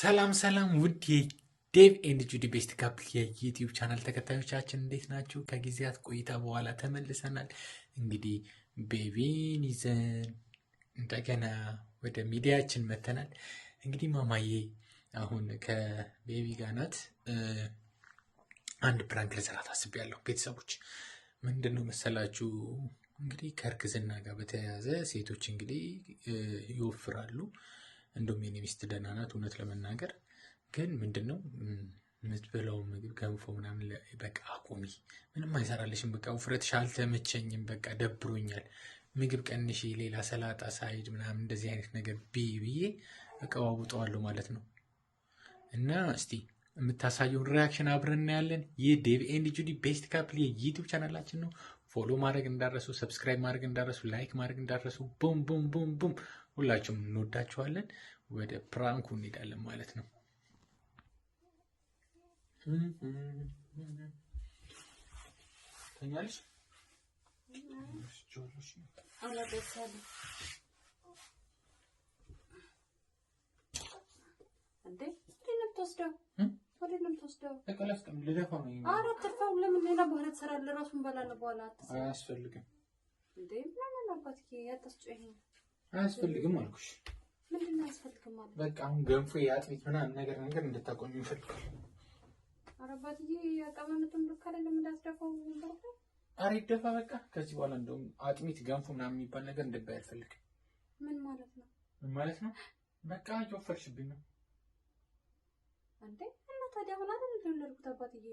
ሰላም ሰላም ውድ የዴቭ ኤንድ ጁዲ ቤስት ካፕል የዩቲዩብ ቻናል ተከታዮቻችን እንዴት ናችሁ? ከጊዜያት ቆይታ በኋላ ተመልሰናል። እንግዲህ ቤቢን ይዘን እንደገና ወደ ሚዲያችን መተናል። እንግዲህ ማማዬ አሁን ከቤቢ ጋር ናት። አንድ ፕራንክ ልሰራ ታስቤያለሁ። ቤተሰቦች ምንድን ነው መሰላችሁ እንግዲህ ከእርግዝና ጋር በተያያዘ ሴቶች እንግዲህ ይወፍራሉ እንደውም የኔ ሚስት ደህና ናት እውነት ለመናገር ግን ምንድን ነው የምትበላው ምግብ ገንፎ ምናምን በቃ አቁሚ፣ ምንም አይሰራልሽም፣ በቃ ውፍረትሽ አልተመቸኝም፣ በቃ ደብሮኛል፣ ምግብ ቀንሽ፣ ሌላ ሰላጣ፣ ሳይድ ምናምን እንደዚህ አይነት ነገር ብይ ብዬ እቀዋውጠዋለሁ ማለት ነው። እና እስቲ የምታሳየውን ሪያክሽን አብረን እናያለን። ይህ ዴቭ ኤንድ ጁዲ ቤስት ካፕል የዩቱብ ቻናላችን ነው። ፎሎ ማድረግ እንዳረሱ፣ ሰብስክራይብ ማድረግ እንዳረሱ፣ ላይክ ማድረግ እንዳረሱ። ቡም ቡም ቡም ቡም። ሁላችሁም እንወዳችኋለን። ወደ ፕራንኩ እንሄዳለን ማለት ነው። ተኛለች እንዴ? አይደለም ተወስደው በኋላ ትሰራለህ? እራሱ እንበላለን በኋላ አያስፈልግም። አልኩሽ። በቃ አሁን ገንፎ የአጥሚት ምናምን ነገር ነገር እንድታቆሚ እንፈልጋለን። ኧረ አባትዬ አቀማመጡን ልክ አይደለም እንዳትደፋው። ኧረ ይደፋ በቃ። ከዚህ በኋላ እንደውም አጥሚት ገንፎ ምናምን የሚባል ነገር እንድትበይ አልፈልግም። ምን ማለት ነው? ምን ማለት ነው? በቃ ጨፈርሽብኝ ነው እንዴ ታዲያ አሁን አይደል የወለድኩት አባትዬ።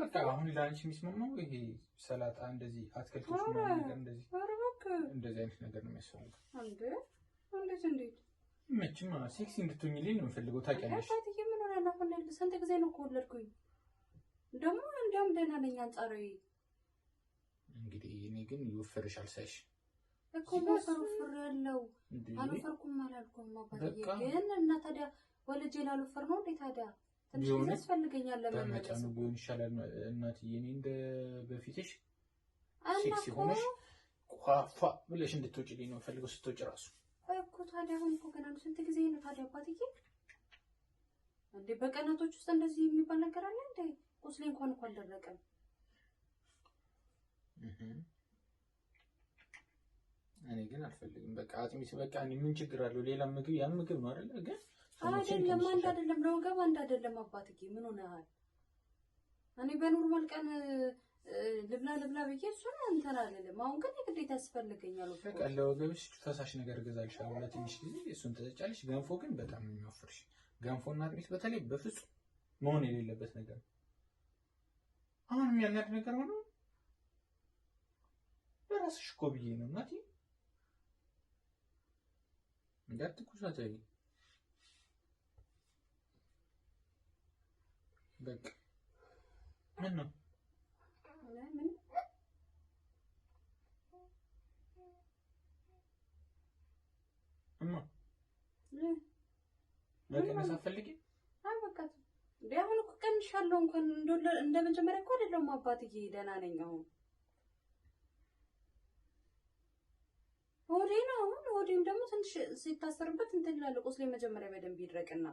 በቃ አሁን ለአንቺ የሚስማማው ይሄ ሰላጣ እንደዚህ አትክልቶች እንደዚህ እንደዚህ አይነት ነገር ነው የሚያስፈልገው። እንዴት እንዴት መቼም ሴክሲ እንድትሆኝልኝ ነው የምፈልገው። ታውቂያለሽ ምን ሆነ አሁን ያለ ስንት ጊዜ ነው ከወለድኩኝ ደግሞ እንዲያውም ደህና ነኝ አንጻራዊ። እንግዲህ እኔ ግን ይወፈርሻል ሳይሽ እኮ ማፈሩፍር ያለው አልወፈርኩም አላልኩም አባትዬ። ግን እና ታዲያ ወልጄ ላልወፈር ነው እንዴ ታዲያ ትንሽ ጊዜ ያስፈልገኛል ለመመለስ ቢሆን ይሻላል። እናትዬ እኔ እንደ በፊትሽ ሴክሲ ሆነሽ ፏፏ ብለሽ እንድትወጪልኝ ነው የምፈልገው። ስትወጪ ራሱ እኮ ታዲያ አሁን እኮ ገና ስንት ጊዜ ነው ታዲያ አባትዬ? እንዴ በቀናቶች ውስጥ እንደዚህ የሚባል ነገር አለ እንዴ? ቁስሌ እንኳን እኮ አልደረቀም። እኔ ግን አልፈልግም። በቃ አጥሚት በቃ ምን ችግር አለው? ሌላ ምግብ ያን ምግብ ነው አይደለ ግን አይደለም አንድ አይደለም፣ ለወገብ አንድ አይደለም። አባትዬ ምን ሆነሃል? እኔ በኖርማል ቀን ልብላ ልብላ ብዬ እሱን እንትን አልልም። አሁን ግን የግዴታ ያስፈልገኛል። ለወገብሽ ፈሳሽ ነገር እገዛልሻለሁ ለትንሽ ጊዜ እሱን ትጠጫለሽ። ገንፎ ግን በጣም የሚወፍርሽ ገንፎ እና አጥሚት በተለይ በፍጹም መሆን የሌለበት ነገር ነው። አሁን የሚያናድ ነገር ሆኖ እኮ ብዬ ነው እናቴ እንዳትኩሳተኝ በቃ ምን ነው እማ መቀነስ እኮ ቀንሻለሁ። እንኳን እንደ መጀመሪያ እኮ አይደለሁም አባትዬ፣ ደህና ነኝ አሁን። ሆዴ ነው አሁን። ሆዴም ደግሞ ትንሽ ሲታሰርበት እንትን ይላል። ቁስሌ መጀመሪያ በደንብ ይድረቅና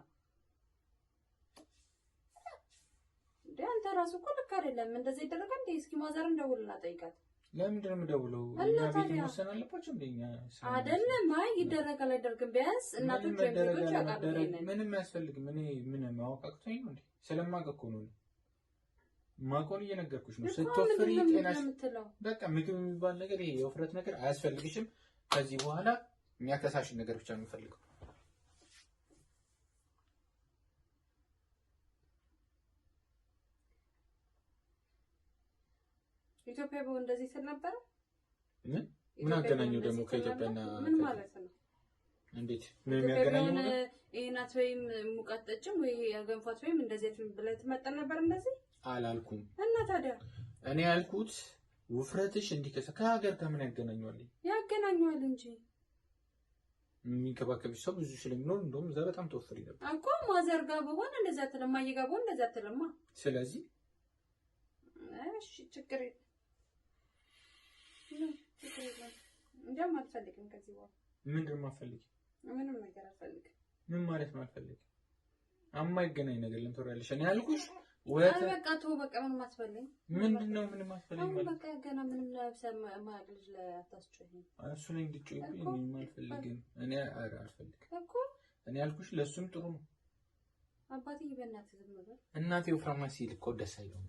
እንዴ አንተ ራሱ እኮ ልክ አይደለም። እንደዚህ ይደረጋ እንዴ? እስኪ ማዘርን ደውልና ጠይቃት። ለምንድን ነው የምደውለው? እና ታዲያ መወሰን አለባቸው እንደኛ አይደለም። አይ ይደረጋል አይደርግም። ቢያንስ እናቶች ወይም ልጆች ያውቃሉ። ምንም አያስፈልግም። እኔ ምን ማወቅ አቅቶኝ ነው እንዴ? ስለማውቅ እኮ ነው ማቆን እየነገርኩሽ ነው። ስትወፍሪ ጤናሽ በቃ ምግብ የሚባል ነገር ይሄ የውፍረት ነገር አያስፈልግሽም። ከዚህ በኋላ የሚያከሳሽን ነገር ብቻ ነው የምፈልገው። ኢትዮጵያ ቢሆን እንደዚህ ስል ነበረ። ምን ምን አገናኘው ደግሞ ከኢትዮጵያና ምን ማለት ነው? እንዴት ምን የሚያገናኘው ነው? ይሄናት ወይም ሙቀት ጠጭም ወይ ያገንፏት ወይም እንደዚህ አይነት ብለህ ትመጣል ነበር። እንደዚህ አላልኩም። እና ታዲያ እኔ ያልኩት ውፍረትሽ እንዲከሰ ከሀገር ከምን ያገናኘዋል? ያገናኘዋል እንጂ የሚንከባከብሽ ሰው ብዙ ስለሚኖር እንደውም እዛ በጣም ተወፍሪ ነበር እኮ። ማዘር ጋር በሆን እንደዛ ትልማ፣ እየጋ በሆን እንደዛ ትልማ። ስለዚህ እሺ ችግር የለም እንደውም አልፈልግም። ከዚህ በኋላ ምንድን ማፈልግ ምንም ነገር አልፈልግም። ምን ማለት ነው አልፈልግም? አማይገናኝ ነገር ለምትወሪያለሽ። እኔ ያልኩሽ ወለተ በቃ ተው፣ በቃ ምንም አትፈልኝ። ምንድን ነው ምንም አትፈልኝ ማለት በቃ ገና ምንም ለብሰም ማድረግ ለታስጨኝ እሱ ላይ እንድትጮይብኝ ምንም አልፈልግም። እኔ ኧረ አልፈልግም እኮ እኔ ያልኩሽ ለሱም ጥሩ ነው። አባቴ በእናትህ ዝም ብለህ እናቴ ወፍራማ ሲል ደስ አይለውም።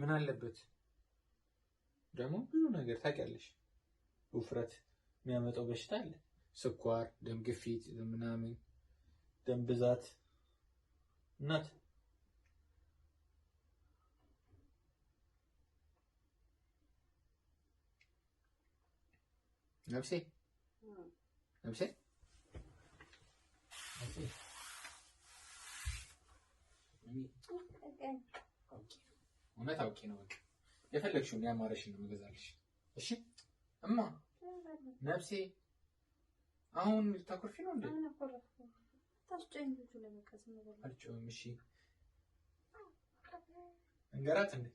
ምን አለበት ደግሞ ብዙ ነገር ታውቂያለሽ። ውፍረት የሚያመጣው በሽታ አለ፣ ስኳር፣ ደም ግፊት ምናምን፣ ደም ብዛት እናት ነፍሴ ነፍሴ ነፍሴ እውነት አውቄ ነው። በቃ የፈለግሽውን ያማረሽን ነው የምገዛልሽ። እሺ እማ ነፍሴ፣ አሁን ልታኮርፊ ነው እንዴ? አልጮህም። እሺ እንገራት እንዴ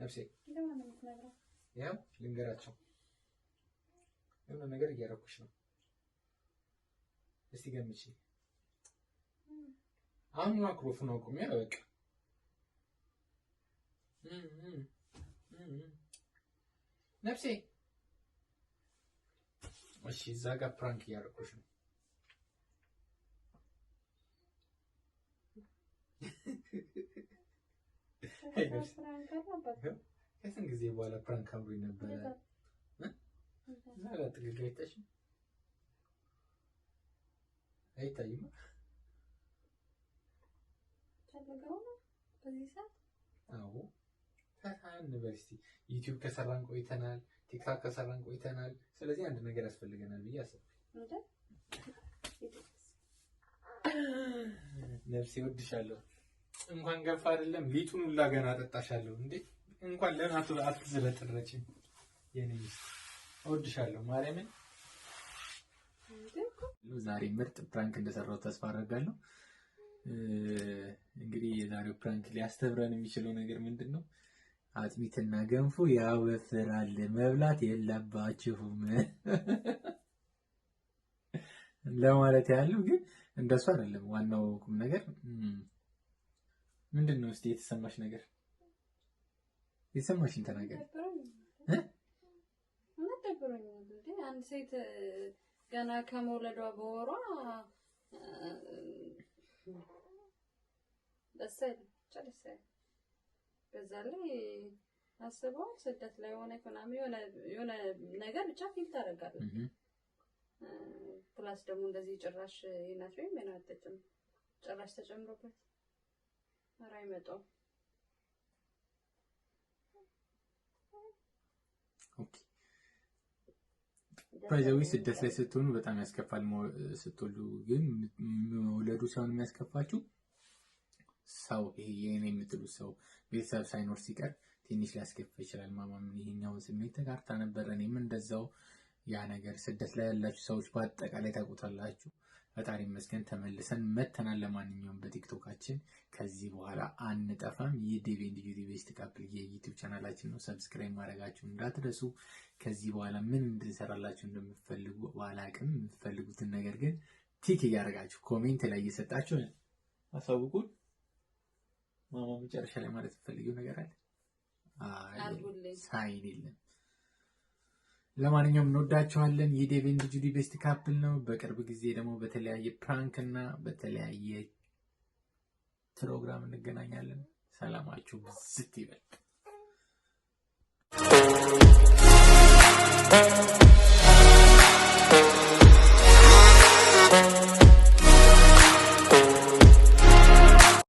ነፍሴ? ያው ልንገራቸው፣ የሆነ ነገር እያደረኩሽ ነው። እስቲ ገምቼ አሁን ማይክሮፎን አቁሜ በቃ Mm-hmm. Mm-hmm. ነፍሴ እሺ፣ እዛ ጋር ፕራንክ እያደረኩሽ ነው። ከስንት ጊዜ በኋላ ፕራንክ አብሮኝ ነበረ። እዛ ጋር ጥግግ አይታሽም? አይታይም። አዎ እንበል እስኪ ዩቲዩብ ከሰራን ቆይተናል፣ ቲክታክ ከሰራን ቆይተናል። ስለዚህ አንድ ነገር ያስፈልገናል ብዬ አሰብኩኝ። ነፍሴ ወድሻለሁ። እንኳን ገፋ አይደለም ሊጡን ሁላ ገና አጠጣሻለሁ። እንዴ እንኳን ለምን አትዝለጥረችም? የኔ ሚስት ማርያምን ዛሬ ምርጥ ፕራንክ እንደሰራው ተስፋ አደርጋለሁ። እንግዲህ የዛሬው ፕራንክ ሊያስተብረን የሚችለው ነገር ምንድን ነው? አጥሚትና ገንፎ ያወፍራል፣ መብላት የለባችሁም ለማለት ያለው ግን እንደሱ አይደለም። ዋናው ቁም ነገር ምንድን ነው? እስቲ የተሰማሽ ነገር የተሰማሽን ተናገር። አንድ ሴት ገና ከመውለዷ በወሯ ደስ አይልም። በዛ ላይ አስበው ስደት ላይ ሆነ ኢኮኖሚ የሆነ ነገር ብቻ ፊል ታደርጋለች። ፕላስ ደግሞ እንደዚህ ጭራሽ ይናት ወይም የናጠጭም ጭራሽ ተጨምሮበት ኧረ አይመጣውም። ፕራይዛዊ ስደት ላይ ስትሆኑ በጣም ያስከፋል። ስትወልዱ ግን መውለዱ ሳይሆን የሚያስከፋችሁ ሰው ይሄ የኔ የምትሉት ሰው ቤተሰብ ሳይኖር ሲቀር ትንሽ ሊያስከፋ ይችላል። ማማም ይሄኛውን ስሜት ተጋርታ ነበረ። እኔም እንደዛው ያ ነገር ስደት ላይ ያላችሁ ሰዎች በአጠቃላይ ታውቁታላችሁ። ፈጣሪ መስገን ተመልሰን መተናል። ለማንኛውም በቲክቶካችን ከዚህ በኋላ አንጠፋም። ይህ ዴቪ ኤንድ ዩቲ ቤስት ካፕል የዩቲዩብ ቻናላችን ነው። ሰብስክራይብ ማድረጋችሁ እንዳትረሱ። ከዚህ በኋላ ምን እንድንሰራላችሁ እንደምትፈልጉ ባላቅም፣ የምትፈልጉትን ነገር ግን ቲክ እያደረጋችሁ ኮሜንት ላይ እየሰጣችሁ አሳውቁን። ማማ መጨረሻ ላይ ማለት የምፈልገው ነገር አለ ሳይን የለም። ለማንኛውም እንወዳችኋለን። ይህ ዴቭ ኤንድ ጁዲ ቤስት ካፕል ነው። በቅርብ ጊዜ ደግሞ በተለያየ ፕራንክ እና በተለያየ ፕሮግራም እንገናኛለን። ሰላማችሁ ብዝት ይበል።